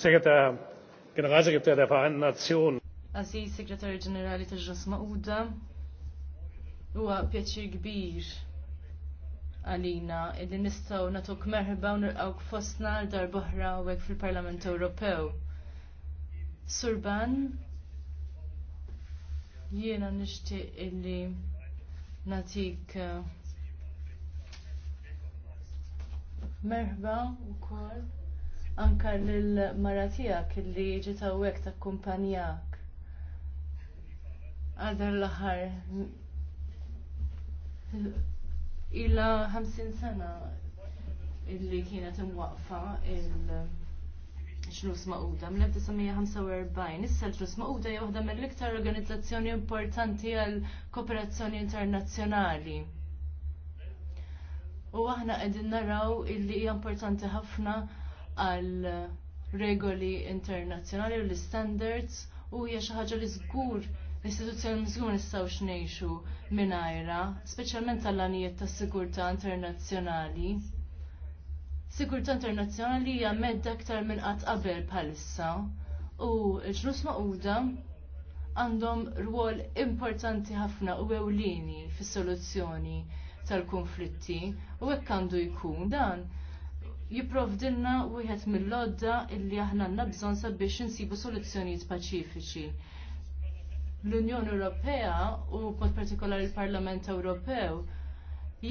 Segretar Generalsekretär der Vereinten Nationen. Aziz Ġenerali ta' Ġus Mauda, huwa pjaċir kbir għalina illi nistgħu nagħtuk merħba u nirqgħu fostna għal darbohra hekk fil-Parlament Ewropew. Surban, jiena nixtieq illi natik uh, merħba wkoll anka l-mara tijak li ġiet hawnhekk ta' għal Għadar l aħħar ilha 50 sena illi kienet imwaqfa il- ġlus maquda mill-1945. Issa l-ġlus maquda hija waħda mill-iktar organizzazzjoni importanti għal kooperazzjoni internazzjonali. U aħna qegħdin naraw illi hija importanti ħafna għal regoli internazzjonali u l-standards u hija xi ħaġa li żgur l-istituzzjoni miżgur ma nistgħux ngħixu mingħajra, speċjalment tal-għanijiet tas-sigurtà internazzjonali. Sigurtà internazzjonali hija medda aktar minn qatt qabel bħalissa u l-ġnus maquda għandhom rwol importanti ħafna u ewlieni fis-soluzzjoni tal-konflitti u hekk għandu jkun dan jipprovdilna wieħed mill-lodda illi aħna għandna bżonn sabiex insibu soluzzjonijiet paċifiċi. L-Unjoni Ewropea u mod partikolari l-Parlament Ewropew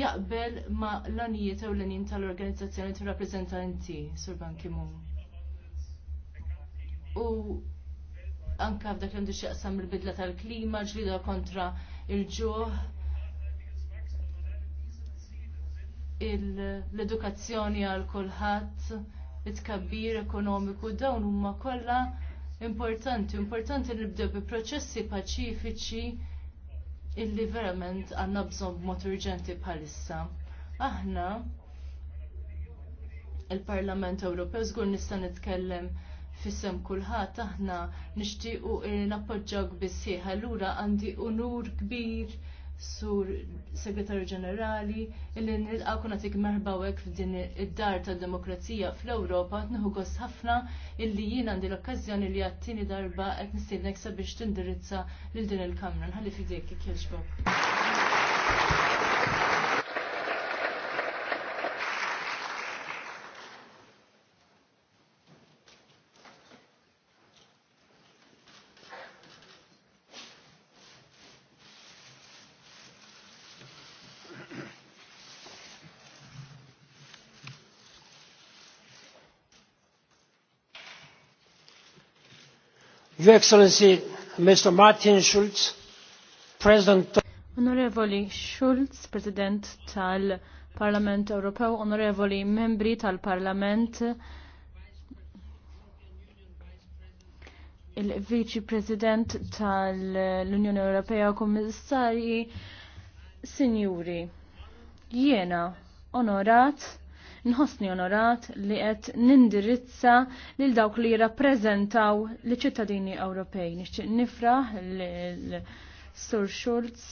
jaqbel ma l-anijiet u l anijiet tal-organizzazzjoni tal-rappresentanti sur Ban Ki-moon. U anka f'dak l għandu xieqsam il-bidla tal-klima, ġlida kontra il-ġuħ, l-edukazzjoni għal kulħadd, it-kabbir ekonomiku dawn huma kollha importanti, importanti li nibdew bi proċessi paċifiċi illi verament għandna bżonn b'mod urġenti bħalissa. Aħna il-Parlament Ewropew żgur nista' nitkellem fissem kulħadd aħna nixtiequ li nappoġġawk bissieħ allura għandi unur kbir sur segretarju ġenerali, illi nilqaw kunatik merħbawek f'din id-dar tad demokrazija fl-Ewropa, tniħu gost ħafna illi jien għandi l okkazzjoni li għattini darba qed nistiednek sabiex tindirizza lil din il-kamra. Nħalli fidejk kif Your Excellency, Mr. Martin Schulz, President. Onorevoli Schulz, President tal-Parlament Ewropew, onorevoli membri tal-Parlament, il vici President tal-Unjoni Ewropea, Kommissarji, Sinjuri, jiena onorat nħossni onorat li qed nindirizza lil dawk li jirrappreżentaw li ċittadini Ewropej. Nixtieq nifraħ l-Sur Schulz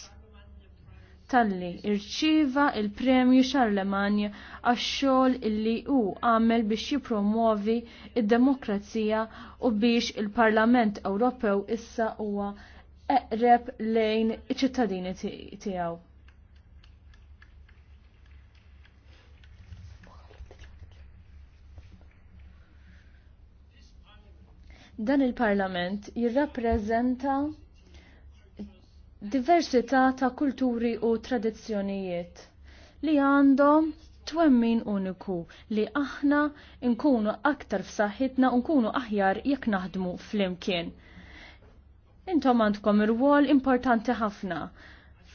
talli irċiva il-premju Charlemagne għax-xogħol illi hu għamel biex jipromuovi id-demokrazija u biex il-Parlament Ewropew issa huwa eqreb lejn iċ-ċittadini tiegħu. Dan il-Parlament jirrappreżenta diversità ta' kulturi u tradizzjonijiet li għandhom twemmin uniku li aħna nkunu aktar f'saħħitna u nkunu aħjar jekk naħdmu flimkien. Intom għandkom ir-wol importanti ħafna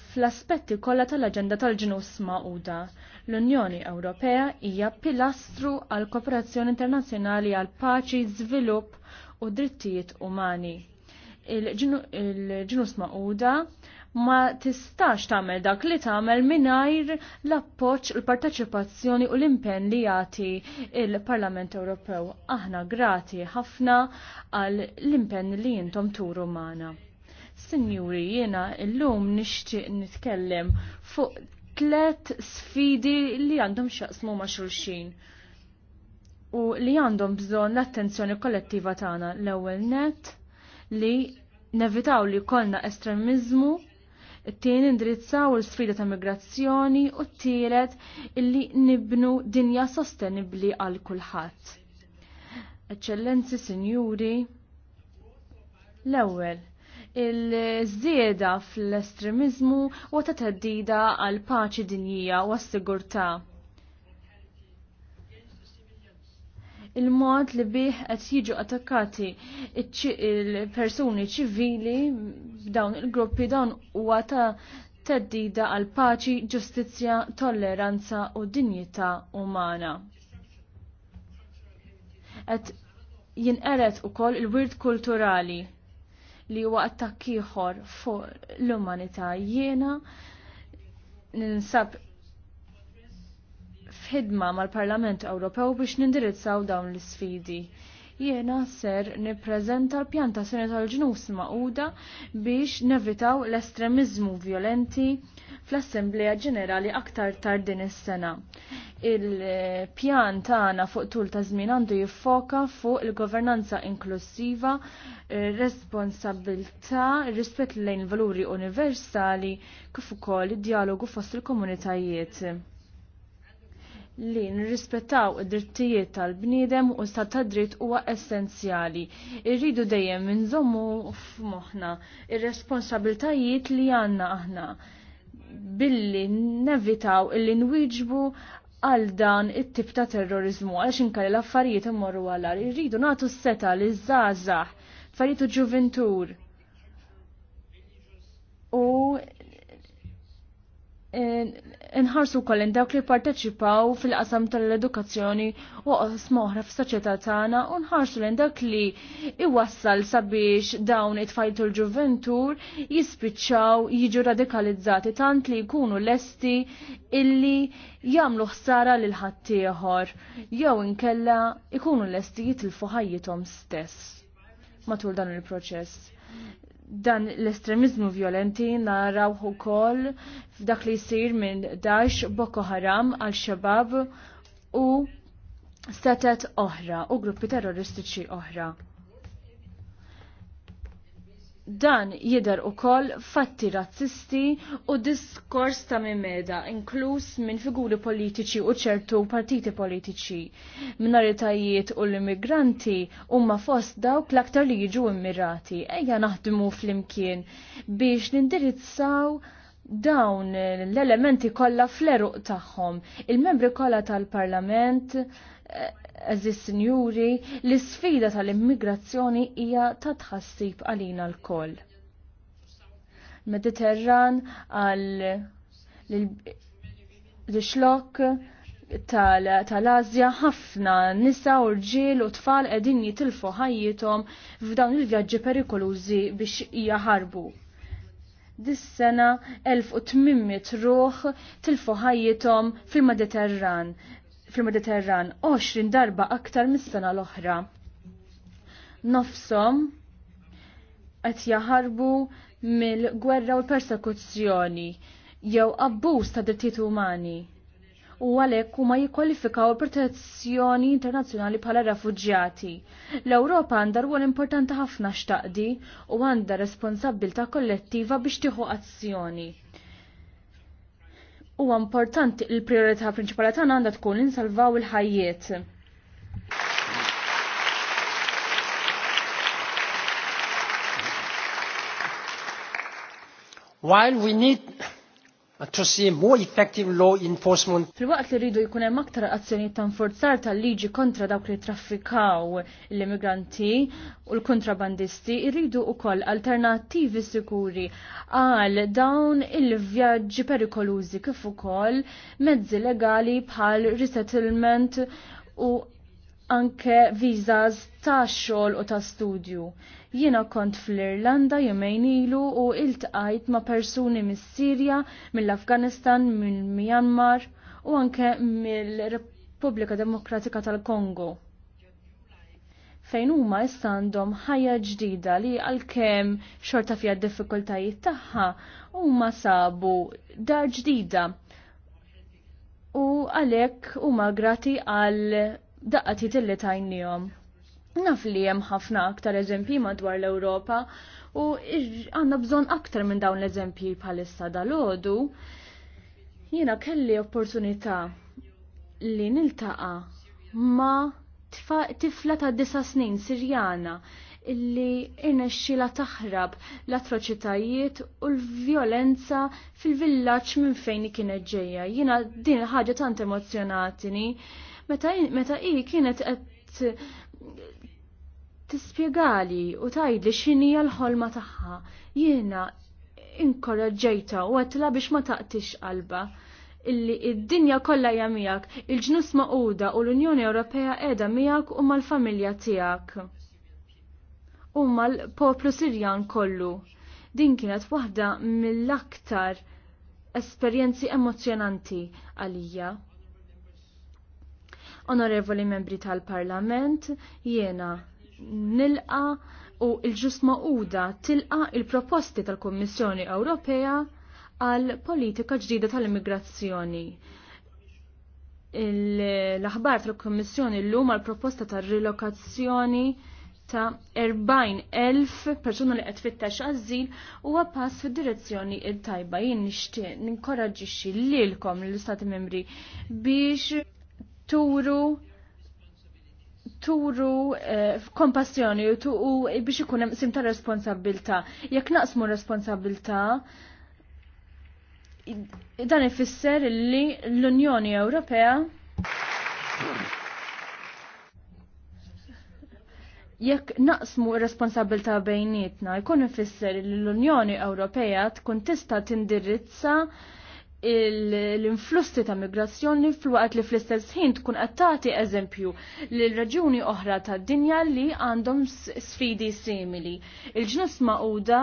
fl-aspetti kollha tal-aġenda tal-ġnus Magħquda. L-Unjoni Ewropea hija pilastru għal kooperazzjoni internazzjonali għal paċi, żvilupp u drittijiet umani. Il-ġinus maquda ma tistax tagħmel dak li tagħmel mingħajr l-appoġġ l parteċipazzjoni u l-impenn li jagħti il-Parlament Ewropew. Aħna grati ħafna għal l-impenn li intom turu magħna. Sinjuri, jiena illum nixtieq nitkellem fuq tlet sfidi li għandhom xaqsmu ma' xulxin u li għandhom bżonn l-attenzjoni kollettiva tagħna l-ewwel net li nevitaw li kollna estremizmu it-tieni indrizzaw l-sfida ta' migrazzjoni u t-tielet illi nibnu dinja sostenibbli għal kulħadd. Eċċellenzi, sinjuri, l-ewwel il-żieda fl-estremizmu u ta' teddida għal paċi dinjija u għas-sigurtà. il-mod li bih qed jiġu attakkati il-persuni ċivili dawn il-gruppi dawn huwa ta' teddida għal paċi, ġustizzja, tolleranza u dinjità umana. Et jinqeret ukoll il-wirt kulturali li huwa attakk ieħor fuq l-umanità jiena ninsab ħidma mal-Parlament Ewropew biex nindirizzaw dawn l-sfidi. Jiena ser nippreżenta l-pjan ta' sena tal-ġnus maquda biex nevitaw l-estremizmu violenti fl-Assembleja Ġenerali aktar tard din is-sena. Il-pjan tagħna fuq tul ta' żmien għandu jiffoka fuq il-governanza inklusiva, responsabilità, rispett lejn valuri universali kif ukoll id-dialogu fost il-komunitajiet li nirrispettaw id-drittijiet tal-bniedem u stat ta' dritt huwa essenzjali. Irridu dejjem minżommu f'moħħna ir-responsabiltajiet li għandna aħna billi nevitaw illi nwiġbu għal dan it-tip ta' terrorizmu għal inkari l-affarijiet imorru għalar. Irridu nagħtu s-seta li żgħażagħ farietu ġuventur. U eh, nħarsu kollin dawk li parteċipaw fil-qasam tal-edukazzjoni u oħra f'soċjetà tagħna u nħarsu lejn dak li iwassal sabiex dawn it-tfajl l ġuventur jispiċċaw jiġu radikalizzati tant li jkunu lesti illi jagħmlu ħsara lil ħaddieħor jew inkella jkunu lesti jitilfu ħajjithom stess matul dan il-proċess dan l-estremizmu violenti naraw ukoll f'dak li jsir minn Daesh, Boko Haram, al shabab u setet oħra u gruppi terroristiċi oħra. Dan jidher ukoll fatti razzisti u diskors ta' mimeda, inkluż minn figuri politiċi u ċertu partiti politiċi. Minoritajiet u l-immigranti huma fost dawk l-aktar li jiġu immirati, ejja naħdmu fl-imkien biex nindirizzaw dawn l-elementi kollha fleruq tagħhom. Il-membri kollha tal-Parlament, eh, eżis sinjuri, l-isfida tal-immigrazzjoni hija ta' tħassib għalina l-koll. Mediterran għal l-xlok tal-Azja ħafna nisa u rġiel u tfal qegħdin jitilfu ħajjithom f'dawn il-vjaġġi perikolużi biex jaħarbu dis-sena 1800 ruħ tilfu ħajjithom fil-Mediterran fil-Mediterran 20 darba aktar mis-sena l-oħra. Nofsom qed jaħarbu mill-gwerra u l-persekuzzjoni jew abbuż ta' drittijiet umani u għalhekk huma jikkwalifikaw protezzjoni internazzjonali bħala refuġjati. L-Ewropa għandha rwol importanti ħafna xtaqdi u għandha responsabilta kollettiva biex tieħu azzjoni. Huwa importanti il-priorità prinċipali tagħna għandha tkun insalvaw il-ħajjiet. While we need Uh, to see more effective law enforcement. Fil-waqt li rridu jkun hemm aktar azzjoni ta' nforzar tal-liġi kontra dawk li traffikaw l-immigranti u l-kontrabandisti, rridu wkoll alternattivi sikuri għal dawn il-vjaġġi perikolużi kif ukoll mezzi legali bħal resettlement u anke vizas ta' xogħol u ta' studju. Jiena kont fl-Irlanda jumejn ilu u iltqajt ma' persuni mis-Sirja, mill-Afganistan, mill-Myanmar u anke mill-Repubblika Demokratika tal-Kongo. Fejn huma issa għandhom ħajja ġdida li għalkemm xorta fija d-diffikultajiet tagħha huma sabu dar ġdida u għalhekk huma grati għal daqqa titilli tajnijom. Naf li jem ħafna aktar eżempji madwar l-Europa u għanna bżon aktar minn dawn l-eżempji bħalissa dal-ħodu. Jena kelli opportunità li niltaqa ma tifla ta' disa snin Sirjana illi irnexxila taħrab l-atroċitajiet u l-vjolenza fil-villaġġ minn fejn kienet ġejja. Jiena din ħaġa tant emozjonatini meta i kienet qed tispjegali u tajdli x'inhija l-ħolma tagħha. Jiena inkoraġġejta u għatla biex ma taqtix qalba illi id-dinja kollha hija miegħek, il-ġnus maquda u l-Unjoni Ewropea qiegħda miegħek u mal-familja tiegħek. U mal-poplu Sirjan kollu. Din kienet waħda mill-aktar esperjenzi emozjonanti għalija. Onorevoli membri tal-Parlament, jiena nilqa u il-ġust maquda tilqa il-proposti tal-Kommissjoni Ewropea għal politika ġdida tal-immigrazzjoni. L-aħbar tal-Kommissjoni l-lum għal proposta tal-rilokazzjoni ta' 40.000 persuna li qed fittex għażil huwa pass fid-direzzjoni il-tajba jien nixtieq ninkoraġixxi lilkom l-Istati Membri biex turu turu eh, kompassjoni u tuqu biex ikun hemm sim ta' responsabilta. Jekk naqsmu responsabilta, dan ifisser li l-Unjoni Ewropea jekk naqsmu responsabilta bejnietna, jkun ifisser li l-Unjoni Ewropea tkun tista' tindirizza l-influssi ta' migrazzjoni fl-waqt li fl-istess ħin tkun qed tagħti eżempju l raġuni oħra tad-dinja li għandhom sfidi simili. Il-ġnus maquda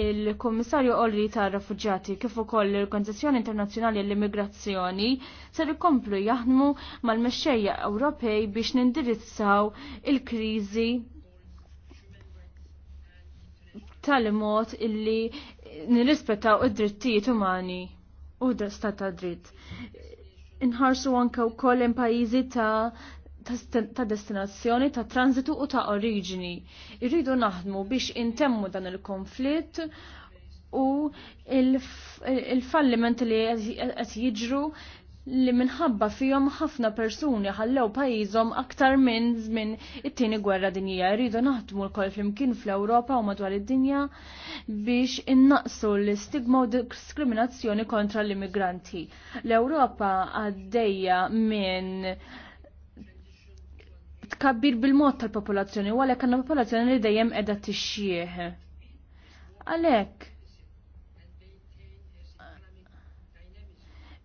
il-Kommissarju Olli tar-Refuġjati kif ukoll l-Organizzazzjoni Internazzjonali l-Immigrazzjoni ser ikomplu jaħdmu mal-mexxejja Ewropej biex nindirizzaw il-kriżi tal-mod illi nirrispettaw id-drittijiet umani u da stat ta' dritt. Inħarsu anke wkoll hemm pajjiżi ta' ta' destinazzjoni, ta' transitu u ta' oriġini. Irridu naħdmu biex intemmu dan il-konflitt u il-falliment li qed jiġru li minħabba fihom ħafna persuni ħallew pajjiżhom aktar minn żmien it-tieni gwerra dinjija. Rridu naħdmu lkoll flimkien fl-Ewropa u madwar id-dinja biex innaqsu l-istigma u diskriminazzjoni kontra l-immigranti. L-Ewropa għaddejja minn tkabbir bil-mod tal-popolazzjoni u għalhekk għandna popolazzjoni li dejjem qiegħda tixxieħ Għalhekk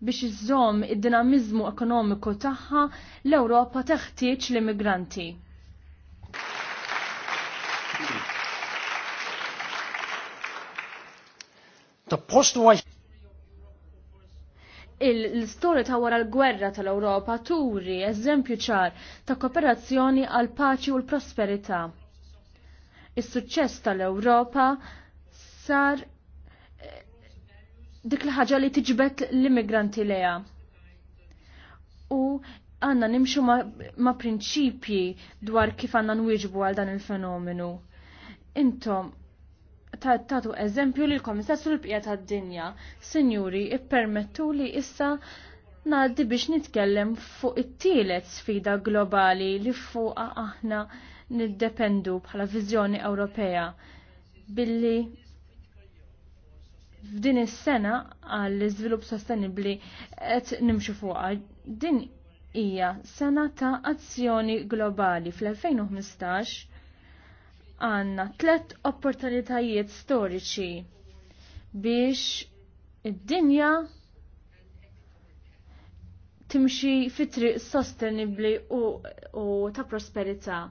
biex iżżomm id-dinamizmu ekonomiku tagħha l-Ewropa teħtieġ l-immigranti. Il-storja ta' wara l-gwerra tal-Ewropa turi eżempju ċar ta' kooperazzjoni għal paċi u l-prosperità. Is-suċċess tal-Ewropa sar dik li ħaġa li tiġbet l-immigranti leja. U għanna nimxu ma, ma prinċipji dwar kif għanna nwieġbu għal dan il-fenomenu. Intom, tatu eżempju li l-komissar sul-bqija tad dinja sinjuri, ippermettu li issa naddi biex nitkellem fuq it-tielet sfida globali li fuqa aħna niddependu bħala viżjoni Ewropea billi f'din is-sena għall iżvilupp sostenibbli qed nimxu fuqha. Din hija sena ta' azzjoni globali fl-2015 għandna tlet opportunitajiet storiċi biex id-dinja timxi fitri sostenibli u, u ta' prosperità.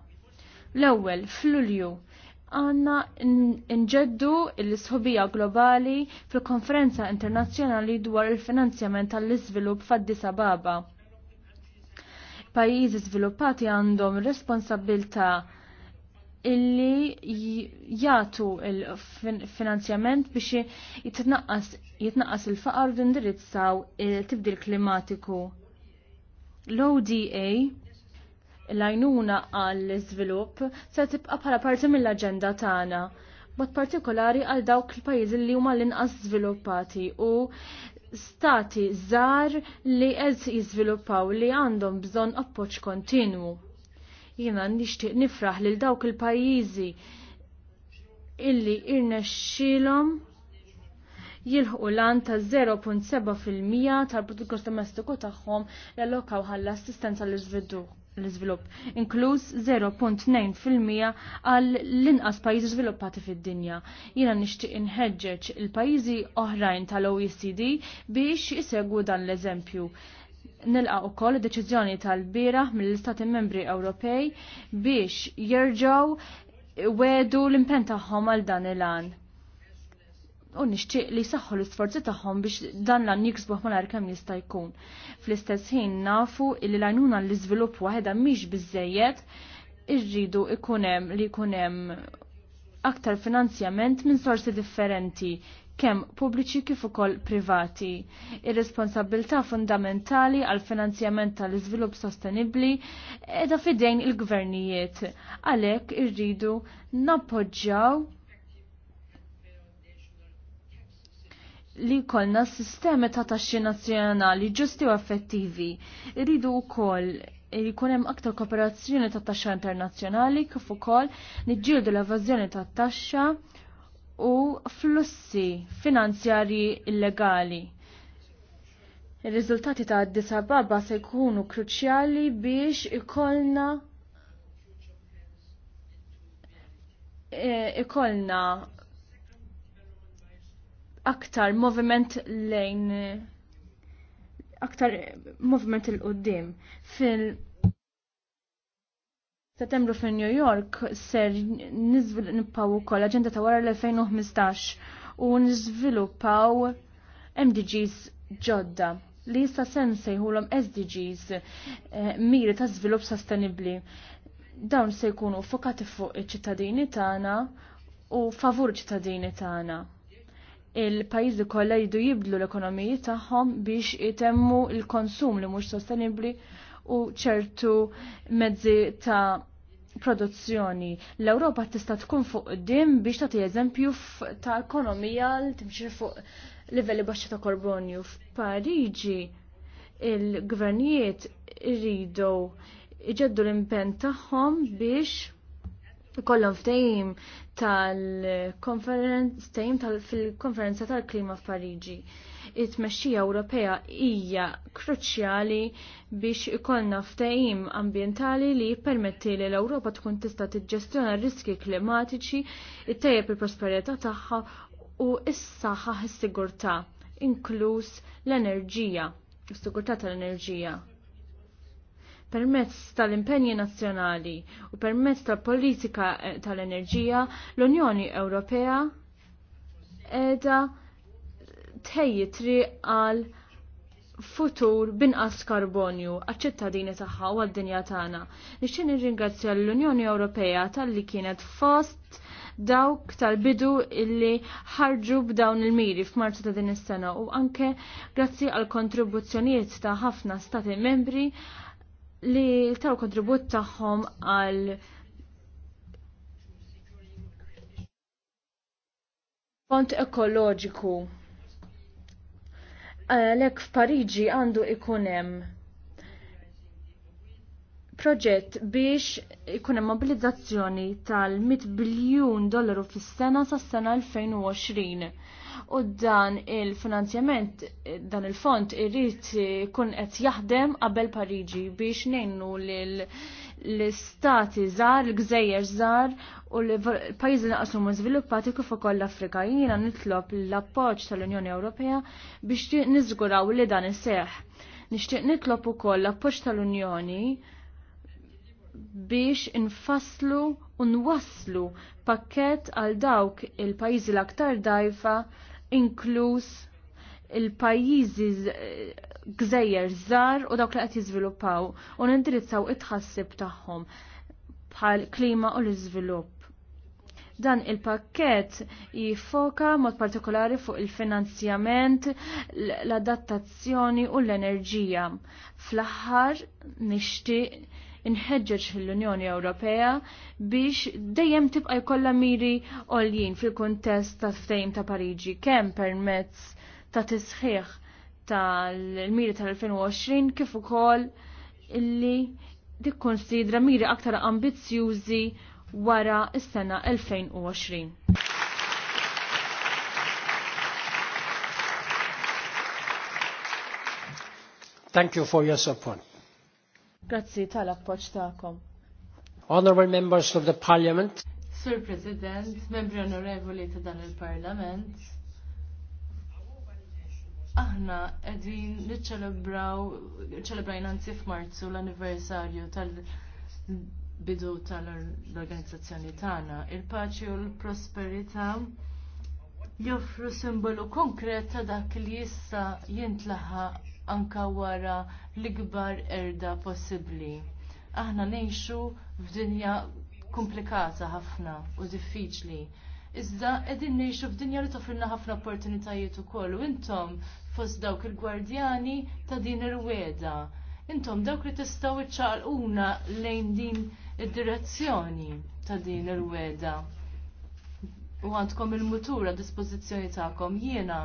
L-ewwel f'Lulju għanna nġeddu l-sħobija globali fil-konferenza internazzjonali dwar il-finanzjament tal-iżvilupp fad-disa baba. Pajjiżi żviluppati għandhom responsabilta illi jagħtu il-finanzjament biex jitnaqqas il-faqar u indirizzaw il-tibdil klimatiku. L-ODA l-għajnuna għall izvilup se tibqa' bħala parti mill-aġenda tagħna mod partikolari għal dawk il-pajjiżi li huma l-inqas żviluppati u stati żgħar li qed jiżviluppaw li għandhom bżonn appoġġ kontinwu. Jiena nixtieq nifraħ lil dawk il-pajjiżi illi irnexxilhom jilħu lan ta' 0.7% tal-prodott domestiku tagħhom l-allokaw ħalla assistenza l-iżviduq l-izvilupp, inkluż 0.2% għal l-inqas pajjiżi żviluppati fid-dinja. Jiena nixtieq inħeġġeġ il-pajjiżi oħrajn tal-OECD biex isegwu dan l-eżempju. Nilqa' ukoll deċiżjoni tal-bira mill-Istati Membri Ewropej biex jerġgħu wedu l impenn tagħhom għal dan il-għan u nixtieq li saħħu l-isforzi tagħhom biex dan lan jiksbuh malar kemm jista' jkun. Fl-istess ħin nafu li l-għajnuna l-iżvilupp waħedha mhix biżejjed irridu ikun hemm li jkun hemm aktar finanzjament minn sorsi differenti kemm pubbliċi kif ukoll privati. Ir-responsabilità fundamentali għal finanzjament tal-iżvilupp sostenibbli edha fidejn il-gvernijiet. Għalhekk irridu nappoġġjaw li s sistemi ta' taxxi nazzjonali ġusti u effettivi. Iridu wkoll li jkun hemm aktar kooperazzjoni ta' taxxa internazzjonali kif ukoll niġġieldu l-evażjoni ta' taxxa u flussi finanzjarji illegali. Ir-riżultati ta' Addis Ababa se jkunu kruċjali biex ikollna eh, ikollna aktar moviment lejn aktar moviment il-qoddim fil Settembru fil New York ser nizviluppaw ukoll aġenda ta' wara l-2015 u nizviluppaw MDGs ġodda li jista' sen sejħulhom SDGs eh, miri ta' żvilupp sostenibbli. Dawn se jkunu fokati fuq iċ-ċittadini tagħna u favur ċittadini tagħna il-pajjiżi kollha jridu jibdlu l-ekonomiji tagħhom biex itemmu l-konsum li mhux sostenibbli u ċertu mezzi ta' produzzjoni. L-Ewropa tista' tkun fuq din biex tagħti eżempju ta' ekonomija li timxi fuq livelli baxxi ta' karbonju. F'Pariġi il-gvernijiet rridu iġeddu l-impenn tagħhom biex ikollhom ftehim tal-konferenza fil-konferenza tal-klima f'Pariġi. It-mexxija Ewropea hija kruċjali biex ikollna ftehim ambjentali li jippermetti li l-Ewropa tkun tista' tiġġestjona r riski klimatiċi, ittejjeb il-prosperità tagħha u s-saħħa s-sigurtà, inkluż l-enerġija, s-sigurtà tal-enerġija. Permezz tal-impenji nazzjonali u permezz tal-politika eh, tal-enerġija, l-Unjoni Ewropea edha tħejji triq għal futur binqas karbonju għal ċittadini tagħha u għad-dinja tagħna. Nixtieq nirringrazzja l-Unjoni Ewropea talli kienet fost dawk tal-bidu illi ħarġu b'dawn il-miri f'Marzu ta' din is-sena u anke grazzi għal kontribuzzjonijiet ta' ħafna stati membri li taw kontribut tagħhom għal font ekoloġiku. Għalhekk f'Pariġi għandu ikun hemm proġett biex ikun hemm mobilizzazzjoni tal-100 biljun dollaru fis-sena sas-sena 2020 u dan il-finanzjament, dan il-font irrit kun qed jaħdem qabel Pariġi biex nejnu l-istati żgħar, l-gżejjer żar u l-pajjiżi naqsu mu żviluppati kif ukoll l-Afrika. Jiena nitlob l-appoġġ tal-Unjoni Ewropea biex niżguraw li dan iseħħ. Nixtieq nitlob ukoll l-appoġġ tal-Unjoni biex infasslu u nwasslu pakket għal dawk il-pajjiżi l-aktar dajfa inkluż il-pajjiżi gżejjer żgħar u dawk li qed jiżviluppaw u nindirizzaw it-tħassib tagħhom bħal klima u l-iżvilupp. Dan il-pakket jifoka mod partikolari fuq il-finanzjament, l-adattazzjoni u l-enerġija. Fl-aħħar nixtieq inħeġġeġ l-Unjoni Ewropea biex dejjem tibqa' jkollha miri għoljin fil-kuntest ta' ftehim ta' Pariġi kemm permezz ta' tisħiħ tal-miri tal-2020 kif ukoll illi konsidra miri aktar ambizzjużi wara is-sena 2020. Thank you for your support. Grazzi tal-appoġġ tagħkom. Honorable members of the Parliament. Sir President, membri onorevoli ta' dan il-Parlament. Aħna qegħdin niċċelebraw ċelebrajn anzi f'Marzu l-anniversarju tal-bidu tal-organizzazzjoni tagħna. Il-paċi u l-prosperità joffru simbolu konkret ta' dak li jista' jintlaħaq anka wara l-ikbar erda possibbli. Aħna ngħixu f'dinja komplikata ħafna u diffiċli. Iżda qegħdin ngħixu f'dinja li toffrilna ħafna opportunitajiet ukoll u intom fost dawk il-gwardjani ta' din ir-weda. Intom dawk li tistgħu iċċaqlquna lejn din id-direzzjoni ta' din ir-weda. U għandkom il-mutura dispożizzjoni tagħkom jiena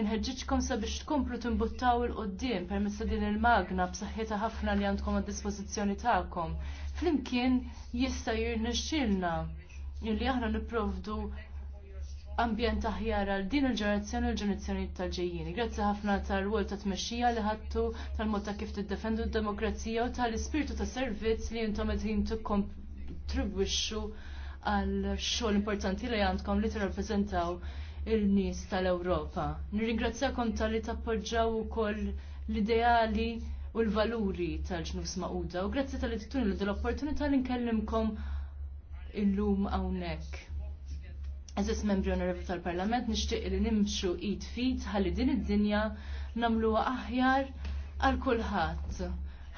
Inħedġiġkom sabiex tkomplu timbuttaw il-qoddim permezz din il-magna b'saħħitha ħafna li għandkom għad dispożizzjoni tagħkom. Flimkien jista' jirnexxilna illi aħna nipprovdu ambjent aħjar għal din il-ġenerazzjoni u l-ġenerazzjoni tal-ġejjin. Grazzi ħafna tal-rwol ta' tmexxija li ħadtu tal-mod ta' kif tiddefendu d-demokrazija u tal-ispirtu ta' servizz li intom qegħdin tikkontribwixxu għal xogħol importanti li għandkom li tirrappreżentaw il nis tal-Ewropa. Nirringrazzjakom tal-li tappoġġaw ukoll l-ideali u l-valuri tal-ġnus maquda u grazzi tal-li tittuni l-opportunità li nkellimkom illum hawnhekk. Eżis membri onorevoli tal-Parlament nixtieq li nimxu id fit ħalli din id-dinja nagħmluha aħjar għal kulħadd.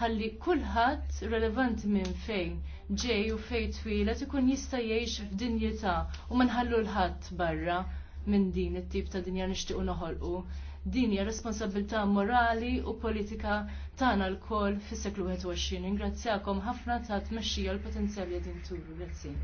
Ħalli kulħadd relevant minn fejn ġej u fejn twilet ikun jista' jgħix f'dinjità u ma nħallu l-ħadd barra minn din it-tip ta' dinja nixtiequ noħolqu. Din hija responsabilità morali u politika tagħna lkoll fis-seklu 21. Ingrazzjakom ħafna ta' tmexxija l-potenzjali din turu. Grazzi.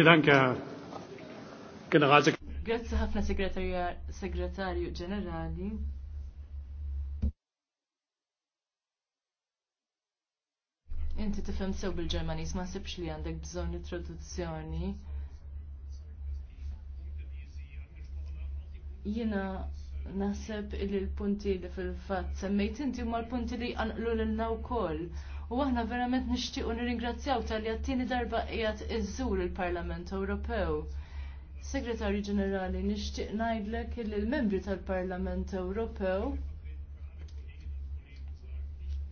Vielen Grazie ħafna segretarju ġenerali. Inti tifhem sew bil ġermaniż ma sibx li għandek bżonn traduzzjoni. Jiena naħseb il-punti li fil-fatt semmejt inti huma l-punti li għanqlu lilna wkoll U aħna verament nixtiequ nirringrazzjaw tal jattini darba jgħat iżżur il-Parlament Ewropew. Segretarju Ġenerali, nixtieq ngħidlek il membri tal-Parlament Ewropew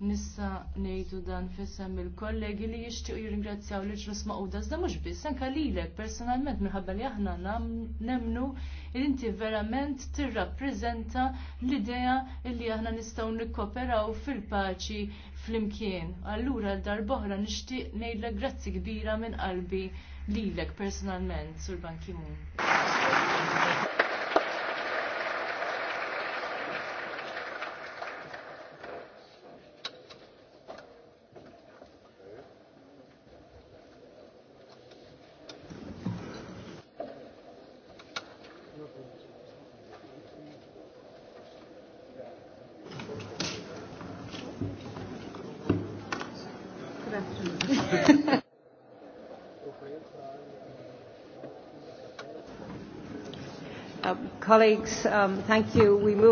Nissa ngħidu dan fissem il-kollegi li jixtiequ jirringrazzjaw li ġrus maqudas da mhux biss anke lilek personalment minħabba li aħna nemnu li inti verament tirrappreżenta l-idea li aħna nistgħu nikkoperaw fil-paċi flimkien. Allura l-darboħra nixtieq ngħidlek grazzi kbira minn qalbi lilek personalment sur Ban Ki-moon. colleagues, um, thank you. We move on to the.